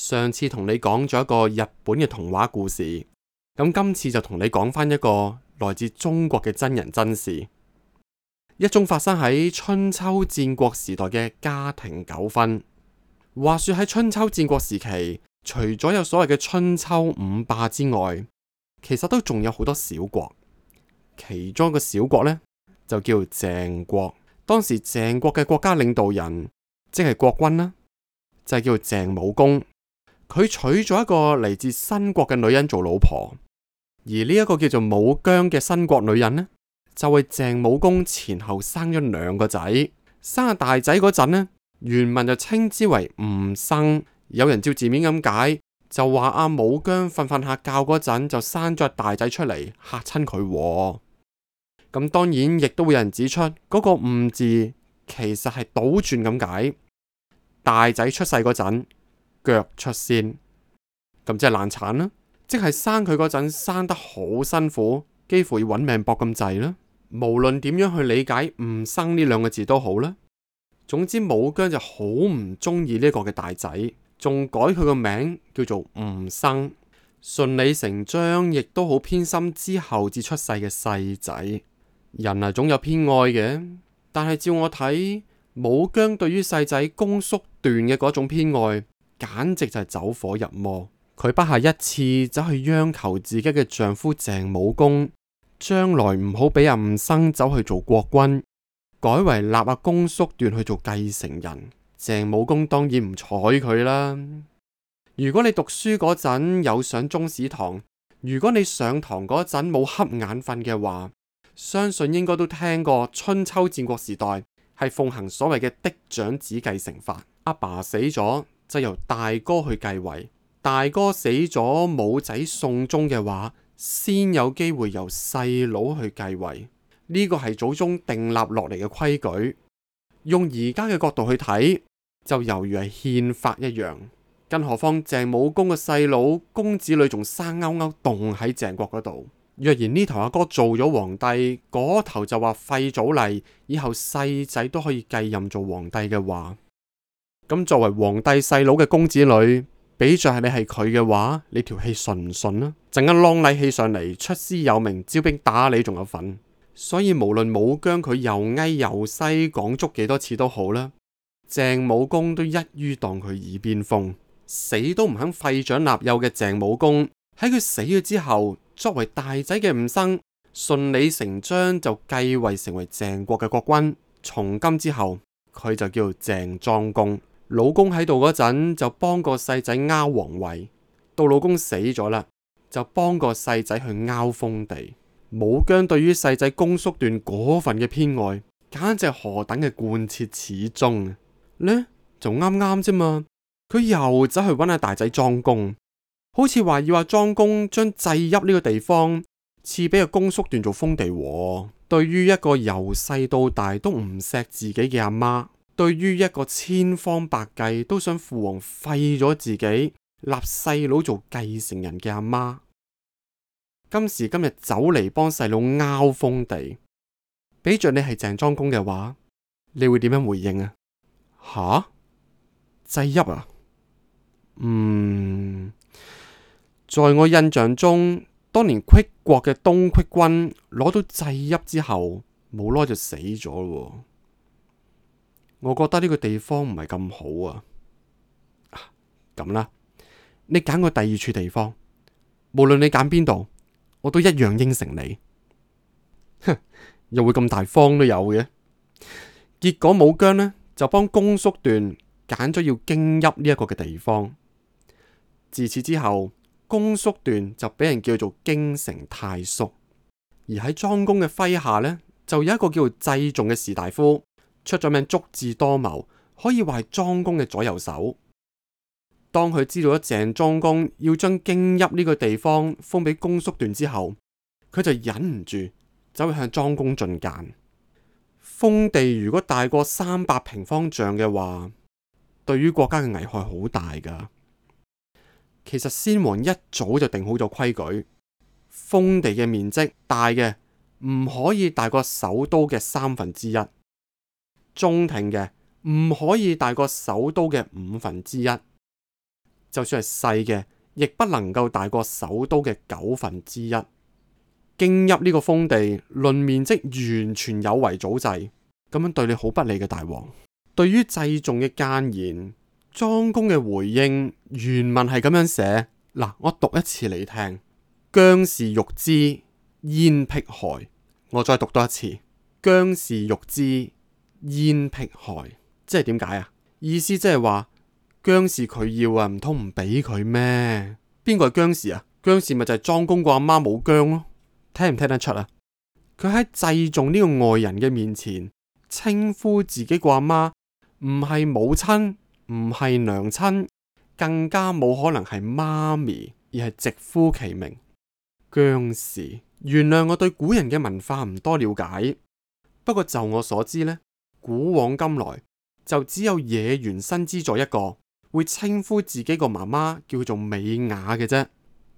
上次同你講咗一個日本嘅童話故事，咁今次就同你講翻一個來自中國嘅真人真事，一宗發生喺春秋戰國時代嘅家庭糾紛。話說喺春秋戰國時期，除咗有所謂嘅春秋五霸之外，其實都仲有好多小國。其中一個小國呢，就叫鄭國，當時鄭國嘅國家領導人即係國君啦，就係叫做鄭武公。佢娶咗一個嚟自新國嘅女人做老婆，而呢一個叫做武姜嘅新國女人呢，就係鄭武公前後生咗兩個仔。生阿大仔嗰陣呢，原文就稱之為寤生。有人照字面咁解，就話阿武姜瞓瞓下覺嗰陣就生咗大仔出嚟，嚇親佢。咁當然亦都會有人指出，嗰、嗰個寤字其實係倒轉咁解，大仔出世嗰陣，腳出先，咁即係難產啦，即係生佢嗰陣生得好辛苦，幾乎要搵命搏咁滯啦。無論點樣去理解吳生呢兩個字都好啦。總之武姜就好唔中意呢一個嘅大仔，仲改佢個名叫做吳生。順理成章，亦都好偏心之後至出世嘅細仔。人啊，總有偏愛嘅，但係照我睇，武姜對於細仔公叔段嘅嗰種偏愛。簡直就係走火入魔。佢不下一次走去央求自己嘅丈夫鄭武公，將來唔好俾阿寤生走去做國君，改為立阿共叔段去做繼承人。鄭武公當然唔睬佢啦。如果你讀書嗰陣有上中史堂，如果你上堂嗰陣冇瞌眼瞓嘅話，相信應該都聽過春秋戰國時代係奉行所謂嘅嫡長子繼承法。阿爸死咗，就由大哥去繼位，大哥死咗冇仔送終嘅話，先有機會由細佬去繼位。呢個係祖宗定立落嚟嘅規矩。用而家嘅角度去睇，就猶如係憲法一樣。更何況鄭武公嘅細佬公子女仲生勾勾凍喺鄭國嗰度，若然呢頭阿哥做咗皇帝，嗰頭就話廢祖例，以後細仔都可以繼任做皇帝嘅話。咁作為皇帝細佬嘅公子女，比着係你係佢嘅話，你條氣順唔順啊？陣間啷禮器上嚟，出師有名，招兵打你仲有份。所以無論武姜佢又哀又西講足幾多次都好啦，鄭武公都一於當佢耳邊風，死都唔肯廢長立幼嘅鄭武公喺佢死咗之後，作為大仔嘅吳生順理成章就繼位成為鄭國嘅國君。從今之後，佢就叫做鄭莊公。老公喺度嗰陣就幫個細仔拗皇位，到老公死咗啦就幫個細仔去拗封地。武姜對於細仔公叔段嗰份嘅偏愛，簡直何等嘅貫徹始終呢咧，仲啱啱啫嘛，佢又走去搵阿大仔莊公，好似話要阿莊公將制邑呢個地方賜俾阿公叔段做封地。對於一個由細到大都唔錫自己嘅阿媽。對於一個千方百計都想父王廢咗自己立細佬做繼承人嘅阿媽、媽，今時今日走嚟幫細佬拗封地，俾着你係鄭莊公嘅話，你會點樣回應啊？吓？制邑啊？嗯，在我印象中，當年虢國嘅東虢君攞到制邑之後，冇耐就死咗咯，啊。我覺得呢個地方唔係咁好啊，咁、啊、啦，你揀個第二處地方，無論你揀邊度，我都一樣應承你。哼，又會咁大方都有嘅。結果武姜呢，就幫公叔段揀咗要京邑呢一個嘅地方。自此之後，公叔段就俾人叫做京城太叔，而喺莊公嘅麾下呢，就有一個叫做祭仲嘅士大夫。出咗名，足智多謀，可以話係莊公嘅左右手。當佢知道咗鄭莊公要將京邑呢個地方封俾公叔段之後，佢就忍唔住走去向莊公進諫。封地如果大過三百平方丈嘅話，對於國家嘅危害好大㗎。其實先王一早就定好咗規矩，封地嘅面積大嘅唔可以大過首都嘅三分之一。中庭嘅唔可以大過首都嘅五分之一，就算係細嘅，亦不能夠大過首都嘅九分之一。京邑呢個封地，論面積完全有違祖制，咁樣對你好不利嘅，大王。對於制眾嘅諫言，莊公嘅回應原文係咁樣寫嗱，我讀一次你聽。姜氏欲之，焉辟害？我再讀多一次，姜氏欲之。焉辟害，即係點解啊？意思即係話姜氏佢要啊，唔通唔俾佢咩？邊個係姜氏啊？姜氏咪就係莊公個阿媽武姜咯。聽唔聽得出啊？佢喺祭仲呢個外人嘅面前，稱呼自己個阿媽唔係母親，唔係娘親，更加冇可能係媽咪，而係直呼其名姜氏。原諒我對古人嘅文化唔多了解，不過就我所知呢。古往今來就只有野原新之助一個會稱呼自己個媽媽叫做美雅嘅啫。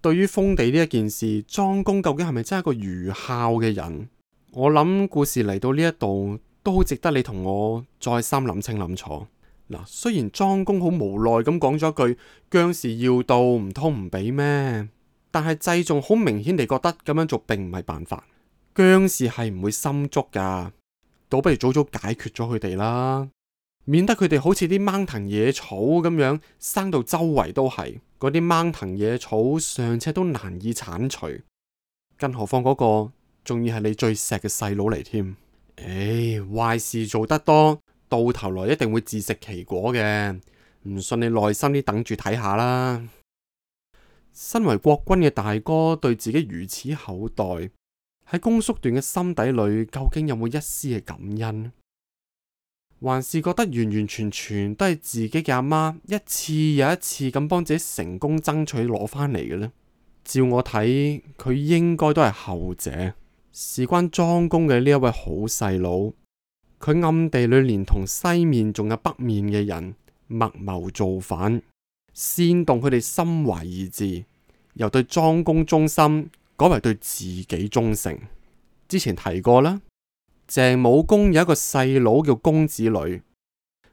對於封地呢一件事，莊公究竟係咪真係一個愚孝嘅人？我諗故事嚟到呢一度都好值得你同我再三諗清諗楚嗱。雖然莊公好無奈咁講咗句姜氏要到唔通唔俾咩，但係祭仲好明顯地覺得咁樣做並唔係辦法，姜氏係唔會心足噶。倒不如早早解決咗佢哋啦，免得佢哋好似啲掹藤野草咁樣生到周圍都係，嗰啲掹藤野草上車都難以鏟除，更何況嗰、那個仲要係你最錫嘅細佬嚟添。唉、欸，壞事做得多，到頭來一定會自食其果嘅，唔信你耐心啲等住睇下啦。身為國君嘅大哥，對自己如此厚待。喺公叔段嘅心底裏，究竟有冇一絲嘅感恩，還是覺得完完全全都係自己嘅阿媽一次又一次咁幫自己成功爭取攞翻嚟嘅呢？照我睇，佢應該都係後者。事關莊公嘅呢一位好細佬，佢暗地裏連同西面仲有北面嘅人密謀造反，煽動佢哋心懷異志，又對莊公忠心，改為對自己忠誠。之前提過啦，鄭武公有一個細佬叫公子呂，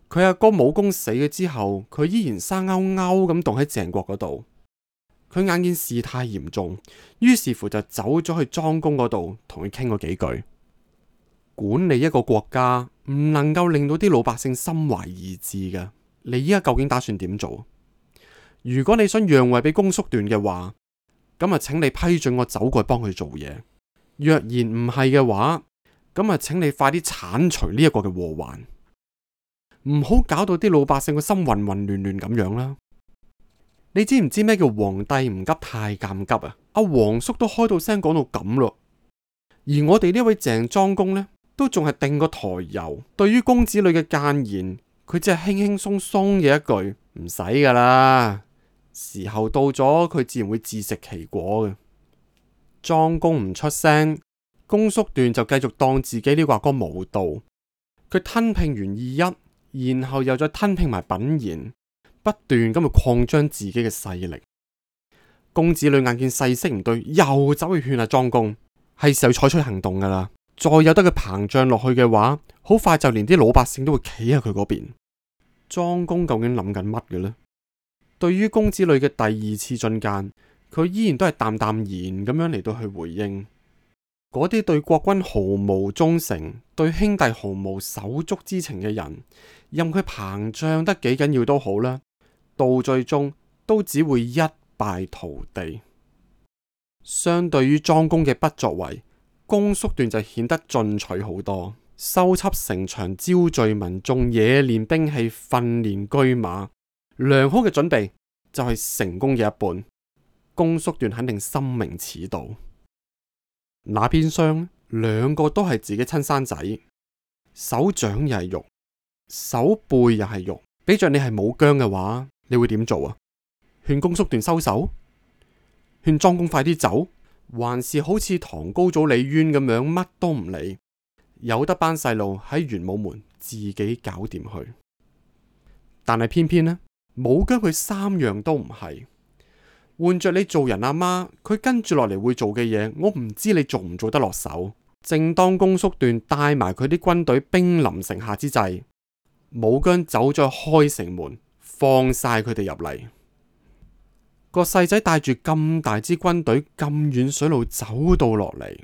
佢阿哥，哥武公死咗之後，佢依然生勾勾咁凍喺鄭國嗰度。佢眼見事態嚴重，於是乎就走咗去莊公嗰度，同佢傾過幾句。管理一個國家，唔能夠令到啲老百姓心懷異志嘅。你依家究竟打算點做？如果你想讓位俾公叔段嘅話，咁啊，就請你批准我走過去幫佢做嘢。若然唔係嘅話，咁啊，請你快啲鏟除呢一個嘅禍患，唔好搞到啲老百姓個心混混亂亂咁樣啦。你知唔知咩叫皇帝唔急太監急啊？阿、啊、皇叔都開到聲講到咁咯，而我哋呢位鄭莊公呢，都仲係定過台油，對於公子呂嘅諫言，佢只係輕輕鬆鬆嘅一句唔使㗎啦。時候到咗，佢自然會自食其果嘅。莊公唔出聲，公叔段就繼續當自己呢個阿哥無道。佢吞併完二一，然後又再吞併埋品言，不斷咁去擴張自己嘅勢力。公子呂眼見勢色唔對，又走去勸阿、啊、莊公，係時候採取行動噶啦。再由得佢膨脹落去嘅話，好快就連啲老百姓都會企喺佢嗰邊。莊公究竟諗緊乜嘅呢？對於公子呂嘅第二次進諫，佢依然都係淡淡然咁樣嚟到去回應。嗰啲對國君毫無忠誠、對兄弟毫無手足之情嘅人，任佢膨脹得幾緊要都好啦，到最終都只會一敗塗地。相對於莊公嘅不作為，公叔段就顯得進取好多，修葺城牆，招聚民眾，冶煉兵器，訓練軍馬。良好嘅準備就係、是、成功嘅一半。公叔段肯定心明此道，那邊廂兩個都係自己親生仔，手掌又係肉，手背又係肉。俾着你係武薑嘅話，你會點做啊？勸公叔段收手，勸莊公快啲走，還是好似唐高祖李淵咁樣乜都唔理？由得班細路喺玄武門自己搞掂去，但係偏偏呢？武姜佢三樣都唔係。換着你做人阿媽，佢跟住落嚟會做嘅嘢，我唔知你做唔做得落手。正當公叔段帶埋佢啲軍隊兵臨城下之際，武姜走咗開城門，放晒佢哋入嚟。個細仔帶住咁大支軍隊，咁遠水路走到落嚟，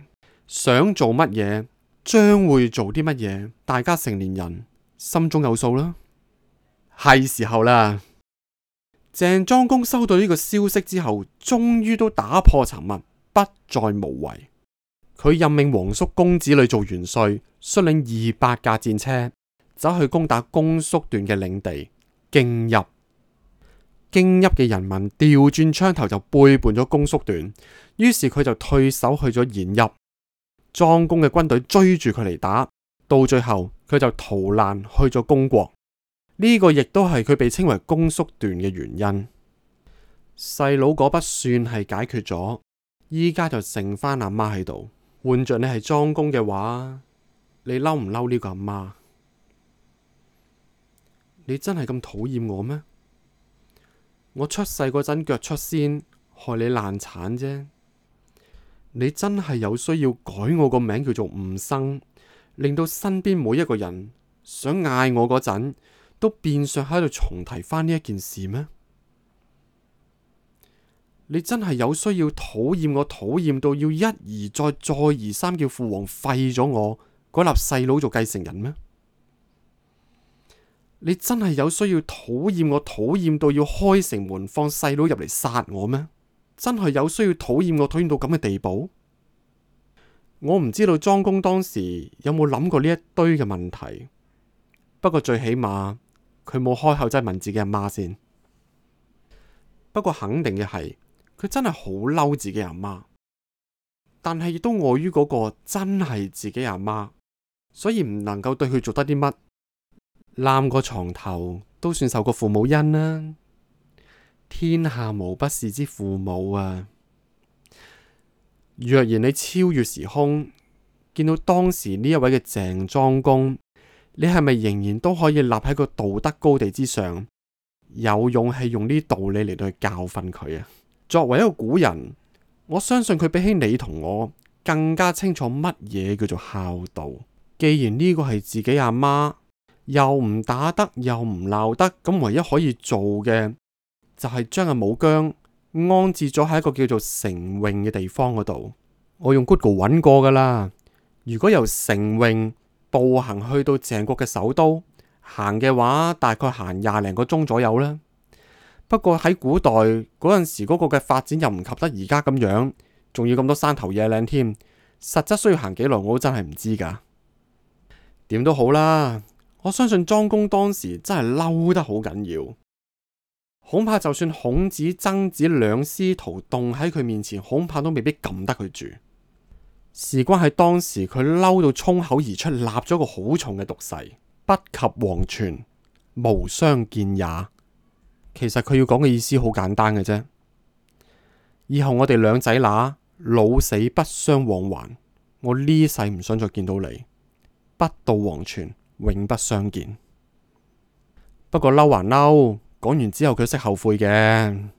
想做乜嘢，將會做啲乜嘢，大家成年人心中有數啦。係時候啦。鄭莊公收到呢個消息之後，終於都打破沉默，不再無為。佢任命皇叔公子呂做元帥，率領二百架戰車，走去攻打公叔段嘅領地京邑。京邑嘅人民調轉槍頭就背叛咗公叔段，於是佢就退守去咗延邑。莊公嘅軍隊追住佢嚟打，到最後佢就逃難去咗公國。呢個亦都係佢被稱為共叔段嘅原因。細佬嗰筆算係解決咗，依家就剩翻阿媽喺度。換着你係莊公嘅話，你嬲唔嬲呢個阿媽？你真係咁討厭我咩？我出世嗰陣腳出先，害你難產啫。你真係有需要改我個名叫做寤生，令到身邊每一個人想嗌我嗰陣。都變相喺度重提翻呢一件事咩？你真係有需要討厭我討厭到要一而再、再而三叫父王廢咗我嗰粒細佬做繼承人咩？你真係有需要討厭我討厭到要開城門放細佬入嚟殺我咩？真係有需要討厭我討厭到咁嘅地步？我唔知道莊公當時有冇諗過呢一堆嘅問題，不過最起碼。佢冇開口真係問自己阿媽先。不過肯定嘅係，佢真係好嬲自己阿媽，但係亦都礙於嗰個真係自己阿媽，所以唔能夠對佢做得啲乜，攬過床頭都算受過父母恩啦。天下無不是之父母啊！若然你超越時空，見到當時呢一位嘅鄭莊公。你係咪仍然都可以立喺個道德高地之上，有勇氣用呢道理嚟到去教訓佢啊？作為一個古人，我相信佢比起你同我更加清楚乜嘢叫做孝道。既然呢個係自己阿媽，又唔打得又唔鬧得，咁唯一可以做嘅就係將阿武姜安置咗喺一個叫做成永嘅地方嗰度。我用 Google 揾過噶啦。如果由成永，步行去到鄭國嘅首都，行嘅話大概行廿零個鐘左右啦。不過喺古代嗰陣時，嗰個嘅發展又唔及得而家咁樣，仲要咁多山頭野嶺添，實質需要行幾耐我都真係唔知㗎。點都好啦，我相信莊公當時真係嬲得好緊要，恐怕就算孔子、曾子兩師徒凍喺佢面前，恐怕都未必撳得佢住。事關喺當時佢嬲到衝口而出，立咗個好重嘅毒誓，不及黃泉，無相見也。其實佢要講嘅意思好簡單嘅啫。以後我哋兩仔乸老死不相往還，我呢世唔想再見到你，不到黃泉，永不相見。不過嬲還嬲，講完之後佢識後悔嘅。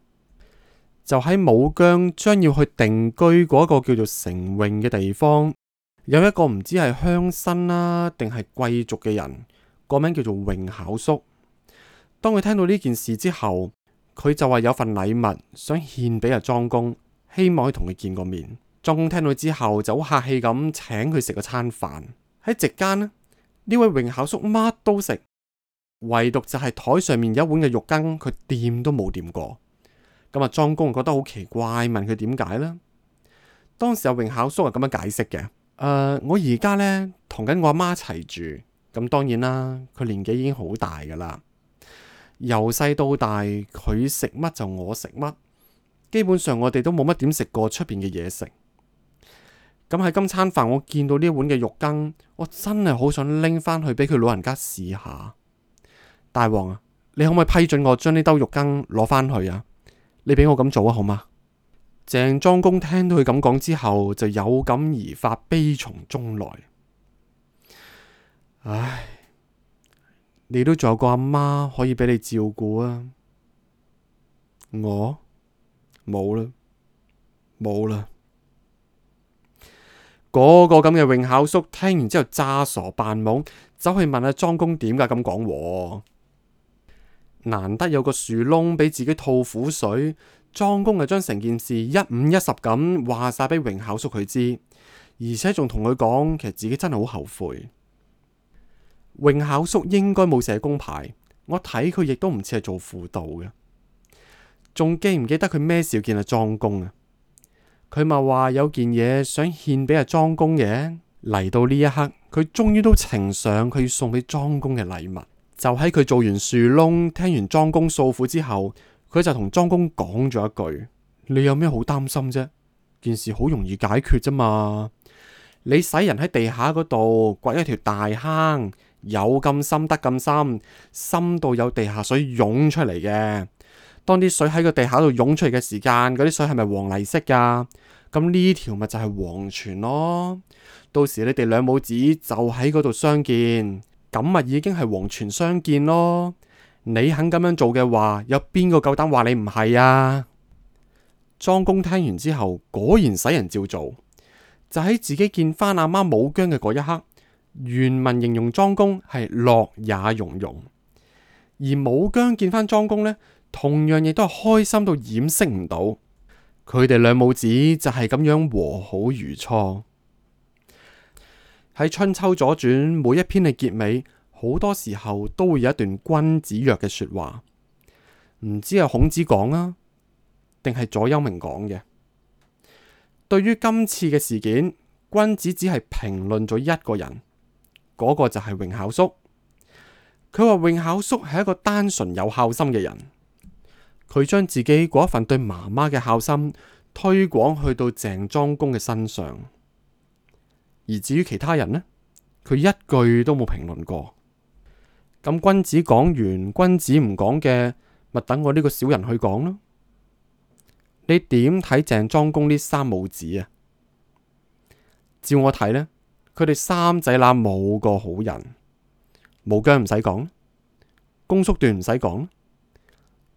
就喺武姜將要去定居嗰個叫做成榮嘅地方，有一個唔知係鄉紳啦，定係貴族嘅人，個名叫做榮考叔。當佢聽到呢件事之後，佢就話有份禮物想獻俾阿莊公，希望可以同佢見個面。莊公聽到之後就好客氣咁請佢食個餐飯。喺席間呢，呢位榮考叔乜都食，唯獨就係台上面，有一碗嘅肉羹，佢掂都冇掂過。咁啊，莊公就覺得好奇怪，問佢點解呢？當時阿榮考叔係咁樣解釋嘅誒，我而家呢，同緊我阿媽一齊住，咁當然啦，佢年紀已經好大噶啦。由細到大，佢食乜就我食乜，基本上我哋都冇乜點食過出邊嘅嘢食。咁喺今餐飯，我見到呢一碗嘅肉羹，我真係好想拎返去俾佢老人家試下。大王啊，你可唔可以批准我將呢兜肉羹攞返去啊？你俾我咁做啊，好嗎？鄭莊公聽到佢咁講之後，就有感而發，悲從中來。唉，你都仲有個阿媽可以俾你照顧啊，我冇啦，冇啦。嗰、那個咁嘅潁考叔聽完之後，詐傻扮懵，走去問阿、啊、莊公點解咁講。難得有個樹窿俾自己吐苦水，莊公就將成件事一五一十咁話晒俾榮孝叔佢知，而且仲同佢講，其實自己真係好後悔。榮孝叔應該冇寫工牌，我睇佢亦都唔似係做輔導嘅，仲記唔記得佢咩事要見阿莊公啊？佢咪話有件嘢想獻俾阿莊公嘅，嚟到呢一刻，佢終於都呈上佢要送俾莊公嘅禮物。就喺佢做完樹窿，聽完莊公訴苦之後，佢就同莊公講咗一句：你有咩好擔心啫？件事好容易解決啫嘛。你使人喺地下嗰度掘一條大坑，有咁深得咁深，深到有地下水湧出嚟嘅。當啲水喺個地下度湧出嚟嘅時間，嗰啲水係咪黃泥色噶？咁呢條咪就係黃泉咯。到時你哋兩母子就喺嗰度相見。咁咪已經係黃泉相見咯，你肯咁樣做嘅話，有邊個夠膽話你唔係啊？莊公聽完之後，果然使人照做。就喺自己見翻阿媽武姜嘅嗰一刻，原文形容莊公係樂也融融，而武姜見翻莊公呢，同樣亦都係開心到掩飾唔到。佢哋兩母子就係咁樣和好如初。喺春秋左傳每一篇嘅結尾，好多時候都會有一段君子曰嘅說話，唔知係孔子講啊，定係左丘明講嘅。對於今次嘅事件，君子只係評論咗一個人，嗰個就係潁考叔。佢話潁考叔係一個單純有孝心嘅人，佢將自己嗰一份對媽媽嘅孝心推廣去到鄭莊公嘅身上。而至於其他人呢，佢一句都冇評論過。咁君子講完，君子唔講嘅，咪等我呢個小人去講咯。你點睇鄭莊公呢三母子啊？照我睇呢，佢哋三仔乸冇個好人，武姜唔使講，公叔段唔使講，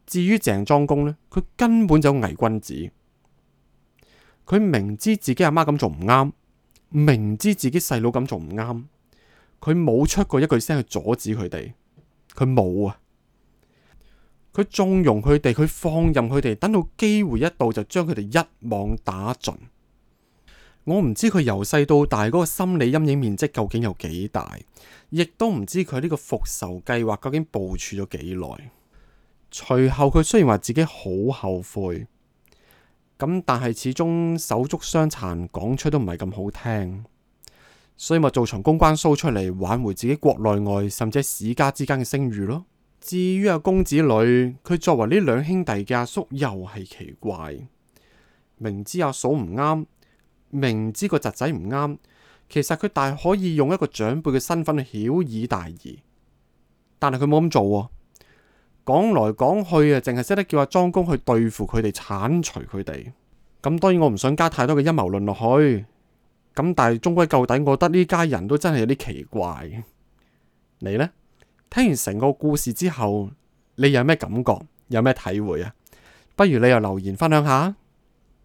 至於鄭莊公呢，佢根本就偽君子，佢明知自己阿媽咁做唔啱。明知自己細佬咁做唔啱，佢冇出過一句聲去阻止佢哋，佢冇啊！佢縱容佢哋，佢放任佢哋，等到機會一到就將佢哋一網打盡。我唔知佢由細到大嗰個心理陰影面積究竟有幾大，亦都唔知佢呢個復仇計劃究竟部署咗幾耐。隨後佢雖然話自己好後悔。咁但係始終手足相殘，講出都唔係咁好聽，所以咪做場公關 show 出嚟挽回自己國內外甚至史家之間嘅聲譽咯。至於阿公子女，佢作為呢兩兄弟嘅阿叔，又係奇怪，明知阿嫂唔啱，明知個侄仔唔啱，其實佢大可以用一個長輩嘅身份去曉以大義，但係佢冇咁做啊。講來講去啊，淨係識得叫阿莊公去對付佢哋，鏟除佢哋。咁當然我唔想加太多嘅陰謀論落去。咁但係終歸到底，我覺得呢家人都真係有啲奇怪。你呢？聽完成個故事之後，你有咩感覺？有咩體會啊？不如你又留言分享下。